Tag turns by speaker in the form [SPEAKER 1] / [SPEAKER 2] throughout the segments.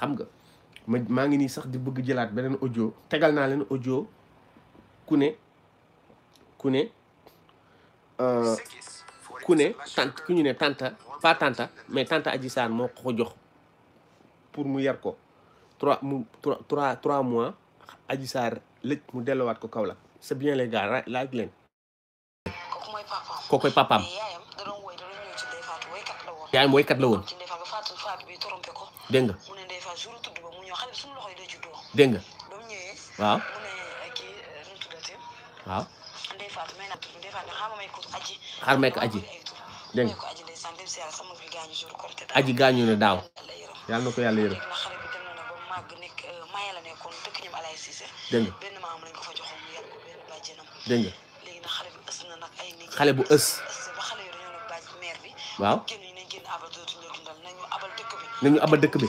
[SPEAKER 1] xam nga ma maa ngi nii sax di bëgg jëlaat beneen audio tegal naa leen audio ku ne ku ne euh, ku ne tante ku ñu ne tante pas tante mais tante Adji Sarr moo ko jox pour mu yar ko trois mu trois trois mois Adji Sarr lëj mu delluwaat ko Kaolack c'est bien les gars laaj leen kookoy papaam yaayam kat la woon dégg nga non jour tudd ba mu ñëw xale bi suñu loxo yi day juddoo. dégg nga ba mu ñëwee. waaw mu ne ko aji. xaaral may ko aji. dégg ko aji ndeysaan dem si yàlla sama bi gaañu jour korité aji gaañu na daaw. yàlla na ko yàlla yërëm. xale nekk euh, maye la nekkoon dëkk ñoom Alaye Cissé. dégg nga benn maam lañ na nag ay nit. bu ës. ba xale yooyu dañoo nag bàjj bi. waaw génn ñu nañ génn abal dootuñ la dundal nañu dëkk bi. nañu abal dëkk bi.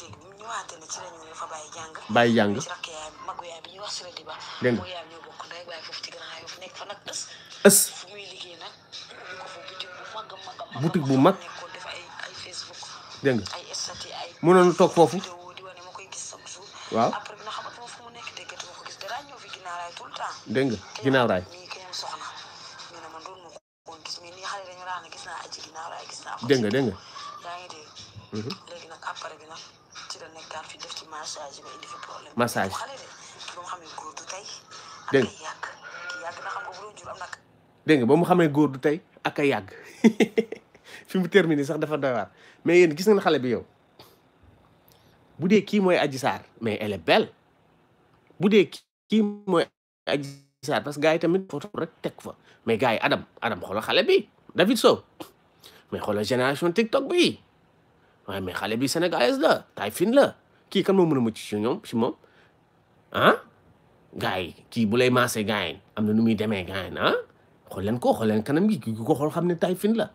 [SPEAKER 1] dégg bu mag a mag a bu mag nekkoon def toog foofu. koy gis
[SPEAKER 2] chaque waaw
[SPEAKER 1] après mu nekk déggatu ma ko gis dara ñëw fi ginnaaw Mm-hmm. léegi nag après massage bi ba mu xamee góor nga ak bu xamee góor tey ak a yàgg fi mu terminé sax dafa doy mais yéen gis ngeen xale bi yow bu dee kii mooy Adji mais elle bu dee kii mooy Adji parce que gars yi tamit photo rek teg fa mais gars yi Adam Adam xoolal xale bi David Sow mais xoolal génération TikTok bi. waaye mais xale bi sénégalaise la taay fin la kii kan moo mën a mucc ci ñoom ci moom ah gars yi kii bu lay maasee gars yi am na nu muy demee gars yi ah xool leen ko xool leen kanam gi ki ko xool xam ne taay fin la